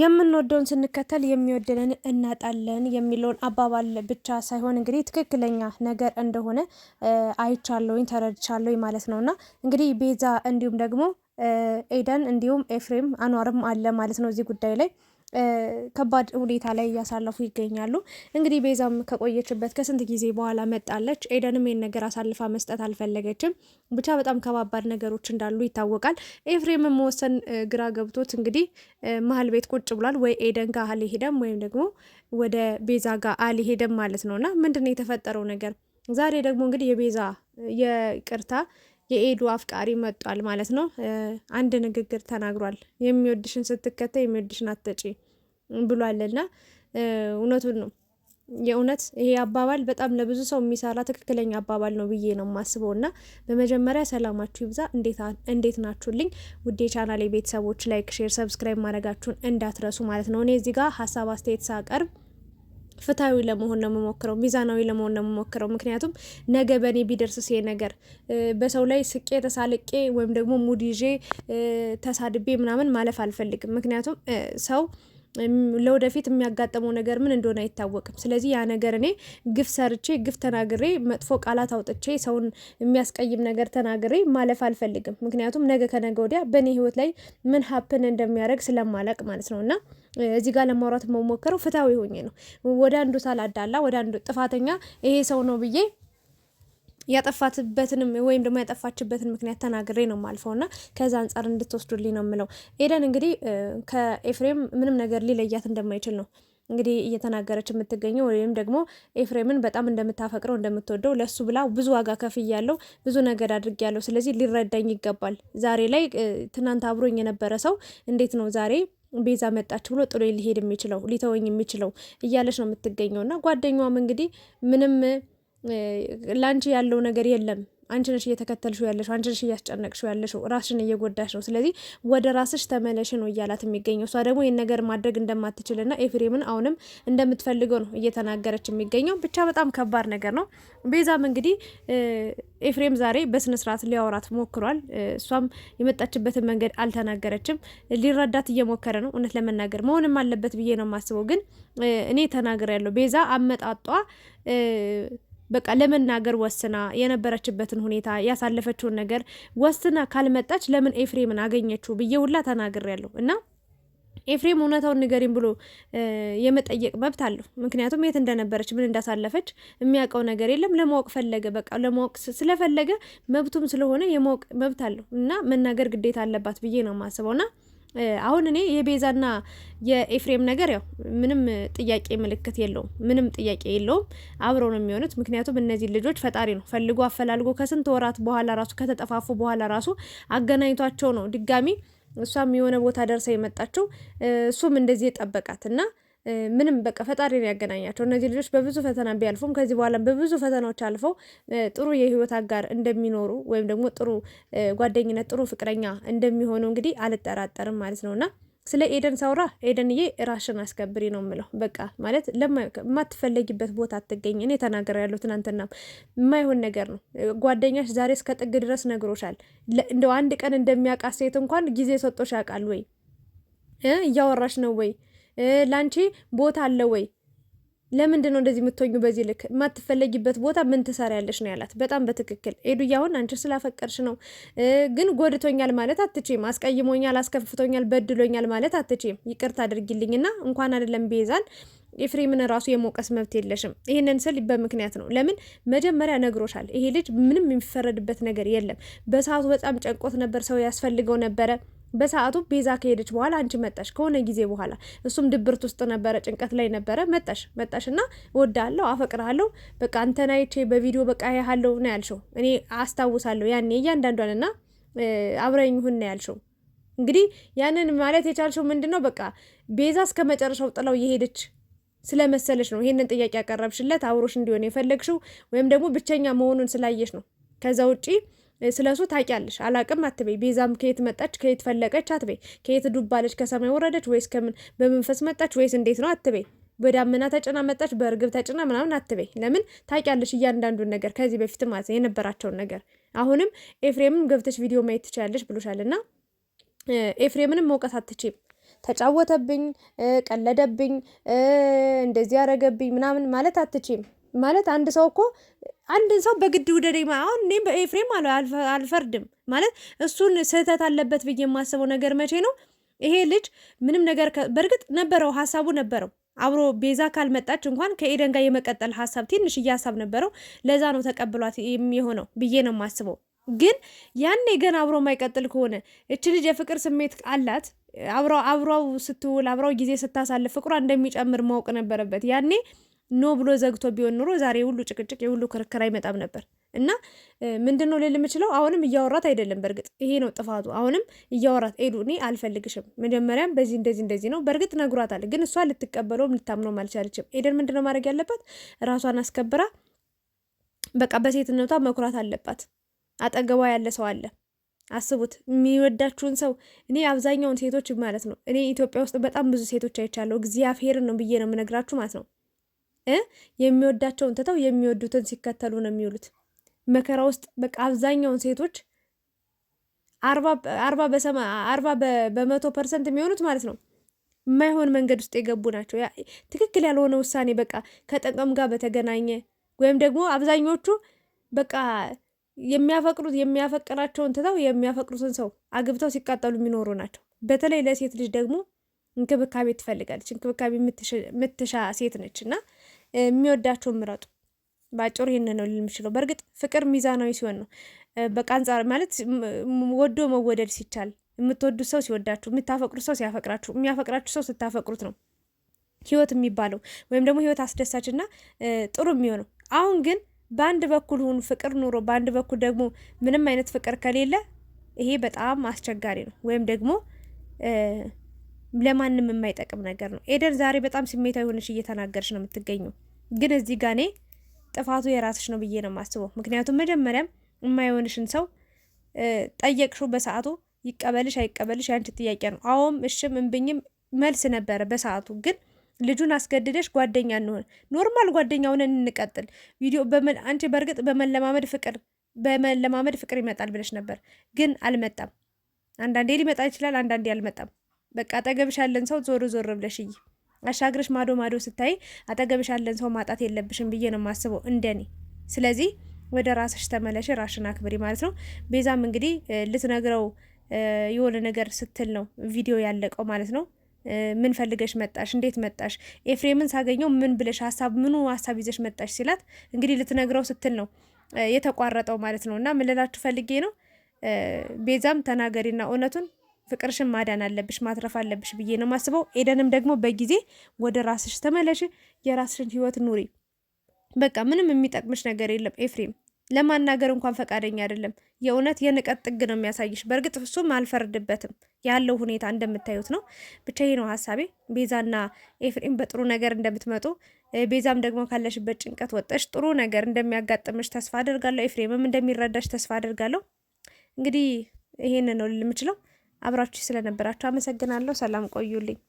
የምንወደውን ስንከተል የሚወደንን እናጣለን የሚለውን አባባል ብቻ ሳይሆን እንግዲህ ትክክለኛ ነገር እንደሆነ አይቻለሁኝ ተረድቻለሁኝ ማለት ነው። እና እንግዲህ ቤዛ እንዲሁም ደግሞ ኤደን እንዲሁም ኤፍሬም አኗርም አለ ማለት ነው እዚህ ጉዳይ ላይ ከባድ ሁኔታ ላይ እያሳለፉ ይገኛሉ። እንግዲህ ቤዛም ከቆየችበት ከስንት ጊዜ በኋላ መጣለች። ኤደንም ይህን ነገር አሳልፋ መስጠት አልፈለገችም። ብቻ በጣም ከባባድ ነገሮች እንዳሉ ይታወቃል። ኤፍሬም መወሰን ግራ ገብቶት እንግዲህ መሀል ቤት ቁጭ ብሏል። ወይ ኤደን ጋር አልሄደም ወይም ደግሞ ወደ ቤዛ ጋር አልሄደም ማለት ነው እና ምንድን ነው የተፈጠረው ነገር? ዛሬ ደግሞ እንግዲህ የቤዛ የቅርታ የኤዱ አፍቃሪ መጧል ማለት ነው። አንድ ንግግር ተናግሯል። የሚወድሽን ስትከተይ የሚወድሽን አትጪ ብሏልና እውነቱን ነው። የእውነት ይሄ አባባል በጣም ለብዙ ሰው የሚሰራ ትክክለኛ አባባል ነው ብዬ ነው የማስበው። እና በመጀመሪያ ሰላማችሁ ይብዛ። እንዴት ናችሁልኝ? ውዴ ቻናሌ ቤተሰቦች ላይክ፣ ሼር፣ ሰብስክራይብ ማድረጋችሁን እንዳትረሱ ማለት ነው። እኔ እዚህ ጋር ሀሳብ አስተያየት ሳቀርብ ፍትሐዊ ለመሆን ነው የምሞክረው፣ ሚዛናዊ ለመሆን ነው የምሞክረው። ምክንያቱም ነገ በእኔ ሴ ነገር በሰው ላይ ስቄ ተሳልቄ ወይም ደግሞ ሙድ ይዤ ተሳድቤ ምናምን ማለፍ አልፈልግም። ምክንያቱም ሰው ለወደፊት የሚያጋጥመው ነገር ምን እንደሆነ አይታወቅም። ስለዚህ ያ ነገር እኔ ግፍ ሰርቼ ግፍ ተናግሬ መጥፎ ቃላት አውጥቼ ሰውን የሚያስቀይም ነገር ተናግሬ ማለፍ አልፈልግም። ምክንያቱም ነገ ከነገ ወዲያ በእኔ ህይወት ላይ ምን ሀፕን እንደሚያደርግ ስለማላቅ ማለት ነው እና እዚህ ጋር ለማውራት መሞከረው ፍትሐዊ ሆኜ ነው ወደ አንዱ ሳላዳላ ወደ አንዱ ጥፋተኛ ይሄ ሰው ነው ብዬ ያጠፋትበትንም ወይም ደግሞ ያጠፋችበትን ምክንያት ተናግሬ ነው ማልፈው እና ከዛ አንጻር እንድትወስዱልኝ ነው የምለው። ኤደን እንግዲህ ከኤፍሬም ምንም ነገር ሊለያት እንደማይችል ነው እንግዲህ እየተናገረች የምትገኘው ወይም ደግሞ ኤፍሬምን በጣም እንደምታፈቅረው እንደምትወደው፣ ለሱ ብላ ብዙ ዋጋ ከፍያለሁ፣ ብዙ ነገር አድርጌያለሁ፣ ስለዚህ ሊረዳኝ ይገባል። ዛሬ ላይ ትናንት አብሮኝ የነበረ ሰው እንዴት ነው ዛሬ ቤዛ መጣች ብሎ ጥሎ ሊሄድ የሚችለው ሊተወኝ የሚችለው እያለች ነው የምትገኘው እና ጓደኛዋም እንግዲህ ምንም ለአንቺ ያለው ነገር የለም። አንቺ ነሽ እየተከተልሽው ያለሽው፣ አንቺ ነሽ እያስጨነቅሽው ያለሽው፣ ራስሽን እየጎዳሽ ነው። ስለዚህ ወደ ራስሽ ተመለሽ ነው እያላት የሚገኘው። እሷ ደግሞ ይህን ነገር ማድረግ እንደማትችልና ኤፍሬምን አሁንም እንደምትፈልገው ነው እየተናገረች የሚገኘው። ብቻ በጣም ከባድ ነገር ነው። ቤዛም እንግዲህ ኤፍሬም ዛሬ በስነስርዓት ሊያወራት ሞክሯል። እሷም የመጣችበትን መንገድ አልተናገረችም። ሊረዳት እየሞከረ ነው። እውነት ለመናገር መሆንም አለበት ብዬ ነው የማስበው። ግን እኔ ተናግሬያለሁ። ቤዛ አመጣጧ በቃ ለመናገር ወስና የነበረችበትን ሁኔታ ያሳለፈችውን ነገር ወስና ካልመጣች ለምን ኤፍሬምን አገኘችው ብዬ ሁላ ተናግር ያለው እና ኤፍሬም እውነታውን ንገሪም ብሎ የመጠየቅ መብት አለው። ምክንያቱም የት እንደነበረች ምን እንዳሳለፈች የሚያውቀው ነገር የለም። ለማወቅ ፈለገ። በቃ ለማወቅ ስለፈለገ መብቱም ስለሆነ የማወቅ መብት አለው እና መናገር ግዴታ አለባት ብዬ ነው የማስበው ና አሁን እኔ የቤዛና የኤፍሬም ነገር ያው ምንም ጥያቄ ምልክት የለውም፣ ምንም ጥያቄ የለውም። አብረው ነው የሚሆኑት። ምክንያቱም እነዚህ ልጆች ፈጣሪ ነው ፈልጎ አፈላልጎ ከስንት ወራት በኋላ ራሱ ከተጠፋፉ በኋላ ራሱ አገናኝቷቸው ነው ድጋሚ እሷም የሆነ ቦታ ደርሳ የመጣቸው እሱም እንደዚህ የጠበቃት እና ምንም በቃ ፈጣሪ ነው ያገናኛቸው። እነዚህ ልጆች በብዙ ፈተና ቢያልፉም ከዚህ በኋላ በብዙ ፈተናዎች አልፈው ጥሩ የህይወት አጋር እንደሚኖሩ ወይም ደግሞ ጥሩ ጓደኝነት፣ ጥሩ ፍቅረኛ እንደሚሆኑ እንግዲህ አልጠራጠርም ማለት ነውና ስለ ኤደን ሳውራ ኤደንዬ ራሽን አስከብሪ ነው ምለው። በቃ ማለት የማትፈለጊበት ቦታ አትገኝ። እኔ ተናገር ያለው ትናንትና የማይሆን ነገር ነው። ጓደኛሽ ዛሬ እስከ ጥግ ድረስ ነግሮሻል። እንደው አንድ ቀን እንደሚያውቃት ሴት እንኳን ጊዜ ሰጦሽ ያውቃል ወይ? እያወራሽ ነው ወይ? ላንቺ ቦታ አለ ወይ? ለምንድን ነው እንደዚህ የምትኙ? በዚህ ልክ የማትፈለጊበት ቦታ ምን ትሰራ ያለሽ ነው ያላት። በጣም በትክክል ኤዱዬ፣ አሁን አንቺ ስላፈቀርሽ ነው። ግን ጎድቶኛል ማለት አትችም፣ አስቀይሞኛል፣ አስከፍቶኛል፣ በድሎኛል ማለት አትችም። ይቅርታ አድርጊልኝና እንኳን አይደለም ቤዛን ኤፍሬምን ራሱ የመውቀስ መብት የለሽም። ይህንን ስል በምክንያት ነው። ለምን መጀመሪያ ነግሮሻል። ይሄ ልጅ ምንም የሚፈረድበት ነገር የለም። በሰዓቱ በጣም ጨንቆት ነበር፣ ሰው ያስፈልገው ነበረ በሰዓቱ ቤዛ ከሄደች በኋላ አንቺ መጣሽ። ከሆነ ጊዜ በኋላ እሱም ድብርት ውስጥ ነበረ፣ ጭንቀት ላይ ነበረ። መጣሽ መጣሽ እና አፈቅራለው አፈቅርሃለሁ፣ በቃ አንተን አይቼ በቪዲዮ በቃ ያሃለሁ ነው ያልሽው። እኔ አስታውሳለሁ ያኔ እያንዳንዷንና አብረኝ ሁን ነው ያልሽው። እንግዲህ ያንን ማለት የቻልሽው ምንድን ነው? በቃ ቤዛ እስከ መጨረሻው ጥላው የሄደች ስለመሰለች ነው ይሄንን ጥያቄ ያቀረብሽለት፣ አብሮሽ እንዲሆን የፈለግሽው ወይም ደግሞ ብቸኛ መሆኑን ስላየሽ ነው። ከዛ ውጪ ስለሱ ታውቂያለሽ። አላቅም አትበይ። ቤዛም ከየት መጣች ከየት ፈለቀች አትበይ። ከየት ዱባለች ከሰማይ ወረደች ወይስ ከምን በመንፈስ መጣች ወይስ እንዴት ነው አትበይ። በዳመና ተጭና መጣች በእርግብ ተጭና ምናምን አትበይ። ለምን ታውቂያለሽ? እያንዳንዱን ነገር ከዚህ በፊት ማለት የነበራቸውን ነገር አሁንም ኤፍሬምም ገብተሽ ቪዲዮ ማየት ትችላለሽ ብሎሻል። እና ኤፍሬምንም መውቀስ አትችም። ተጫወተብኝ፣ ቀለደብኝ፣ እንደዚህ ያረገብኝ ምናምን ማለት አትችም። ማለት አንድ ሰው እኮ አንድን ሰው በግድ ውደደ። አሁን እኔም በኤፍሬም አልፈርድም ማለት እሱን ስህተት አለበት ብዬ የማስበው ነገር መቼ ነው ይሄ ልጅ ምንም ነገር በእርግጥ ነበረው ሀሳቡ ነበረው አብሮ ቤዛ ካልመጣች እንኳን ከኤደን ጋር የመቀጠል ሀሳብ ትንሽ እያሳብ ነበረው። ለዛ ነው ተቀብሏት የሚሆነው ብዬ ነው የማስበው። ግን ያኔ ገና አብሮ የማይቀጥል ከሆነ እች ልጅ የፍቅር ስሜት አላት። አብራው ስትውል አብራው ጊዜ ስታሳልፍ ፍቅሯ እንደሚጨምር ማወቅ ነበረበት ያኔ ኖ ብሎ ዘግቶ ቢሆን ኑሮ ዛሬ ሁሉ ጭቅጭቅ የሁሉ ክርክር አይመጣም ነበር። እና ምንድን ነው ልል የምችለው አሁንም እያወራት አይደለም። በእርግጥ ይሄ ነው ጥፋቱ። አሁንም እያወራት ኤዱ፣ እኔ አልፈልግሽም፣ መጀመሪያም በዚህ እንደዚህ እንደዚህ ነው። በእርግጥ ነግሯታል፣ ግን እሷ ልትቀበለውም ልታምነውም አልቻለችም። ኤደን ምንድን ነው ማድረግ ያለባት? ራሷን አስከብራ በቃ በሴትነቷ መኩራት አለባት። አጠገቧ ያለ ሰው አለ አስቡት የሚወዳችሁን ሰው። እኔ አብዛኛውን ሴቶች ማለት ነው እኔ ኢትዮጵያ ውስጥ በጣም ብዙ ሴቶች አይቻለሁ። እግዚአብሔርን ነው ብዬ ነው የምነግራችሁ ማለት ነው የሚወዳቸውን ትተው የሚወዱትን ሲከተሉ ነው የሚውሉት። መከራ ውስጥ በቃ አብዛኛውን ሴቶች አርባ በመቶ ፐርሰንት የሚሆኑት ማለት ነው የማይሆን መንገድ ውስጥ የገቡ ናቸው። ትክክል ያልሆነ ውሳኔ በቃ ከጥቅም ጋር በተገናኘ ወይም ደግሞ አብዛኞቹ በቃ የሚያፈቅሩት የሚያፈቅራቸውን ትተው የሚያፈቅሩትን ሰው አግብተው ሲቃጠሉ የሚኖሩ ናቸው። በተለይ ለሴት ልጅ ደግሞ እንክብካቤ ትፈልጋለች። እንክብካቤ የምትሻ ሴት ነች እና የሚወዳቸው ምረጡ። በአጭሩ ይህን ነው ልል የምችለው። በእርግጥ ፍቅር ሚዛናዊ ሲሆን ነው። በቃ አንጻር ማለት ወዶ መወደድ ሲቻል የምትወዱት ሰው ሲወዳችሁ፣ የምታፈቅሩት ሰው ሲያፈቅራችሁ፣ የሚያፈቅራችሁ ሰው ስታፈቅሩት ነው ህይወት የሚባለው ወይም ደግሞ ህይወት አስደሳችና ጥሩ የሚሆነው። አሁን ግን በአንድ በኩል ሁኑ ፍቅር ኑሮ በአንድ በኩል ደግሞ ምንም አይነት ፍቅር ከሌለ ይሄ በጣም አስቸጋሪ ነው፣ ወይም ደግሞ ለማንም የማይጠቅም ነገር ነው። ኤደን ዛሬ በጣም ስሜታዊ ሆነሽ እየተናገርሽ ነው የምትገኘው። ግን እዚህ ጋኔ ጥፋቱ የራስሽ ነው ብዬ ነው የማስበው። ምክንያቱም መጀመሪያም የማይሆንሽን ሰው ጠየቅሽው በሰዓቱ ይቀበልሽ አይቀበልሽ ያንቺ ጥያቄ ነው። አዎም እሽም እምብኝም መልስ ነበረ በሰዓቱ ግን ልጁን አስገድደሽ ጓደኛ እንሆን ኖርማል ጓደኛ ሆነን እንቀጥል። ቪዲዮ አንቺ በእርግጥ በመለማመድ ፍቅር በመለማመድ ፍቅር ይመጣል ብለሽ ነበር፣ ግን አልመጣም። አንዳንዴ ሊመጣ ይችላል፣ አንዳንዴ አልመጣም። በቃ አጠገብሽ ያለን ሰው ዞር ዞር ብለሽ እይ። አሻግረሽ ማዶ ማዶ ስታይ አጠገብሽ ያለን ሰው ማጣት የለብሽም ብዬ ነው የማስበው እንደኔ። ስለዚህ ወደ ራስሽ ተመለሽ፣ ራስሽን አክብሪ ማለት ነው። ቤዛም እንግዲህ ልትነግረው የሆነ ነገር ስትል ነው ቪዲዮ ያለቀው ማለት ነው። ምን ፈልገሽ መጣሽ? እንዴት መጣሽ? ኤፍሬምን ሳገኘው ምን ብለሽ ሀሳብ ምኑ ሀሳብ ይዘሽ መጣሽ ሲላት እንግዲህ ልትነግረው ስትል ነው የተቋረጠው ማለት ነው። እና ምን ልላችሁ ፈልጌ ነው ቤዛም ተናገሪና እውነቱን ፍቅርሽን ማዳን አለብሽ፣ ማትረፍ አለብሽ ብዬ ነው የማስበው። ኤደንም ደግሞ በጊዜ ወደ ራስሽ ተመለሽ፣ የራስሽን ህይወት ኑሪ። በቃ ምንም የሚጠቅምሽ ነገር የለም። ኤፍሬም ለማናገር እንኳን ፈቃደኛ አይደለም። የእውነት የንቀት ጥግ ነው የሚያሳይሽ። በእርግጥ እሱም አልፈርድበትም፣ ያለው ሁኔታ እንደምታዩት ነው። ብቻ ይሄ ነው ሀሳቤ። ቤዛና ኤፍሬም በጥሩ ነገር እንደምትመጡ ቤዛም ደግሞ ካለሽበት ጭንቀት ወጠሽ ጥሩ ነገር እንደሚያጋጥምሽ ተስፋ አደርጋለሁ። ኤፍሬምም እንደሚረዳሽ ተስፋ አደርጋለሁ። እንግዲህ ይሄን ነው ልል የምችለው። አብራችሁ ስለነበራችሁ አመሰግናለሁ። ሰላም ቆዩልኝ።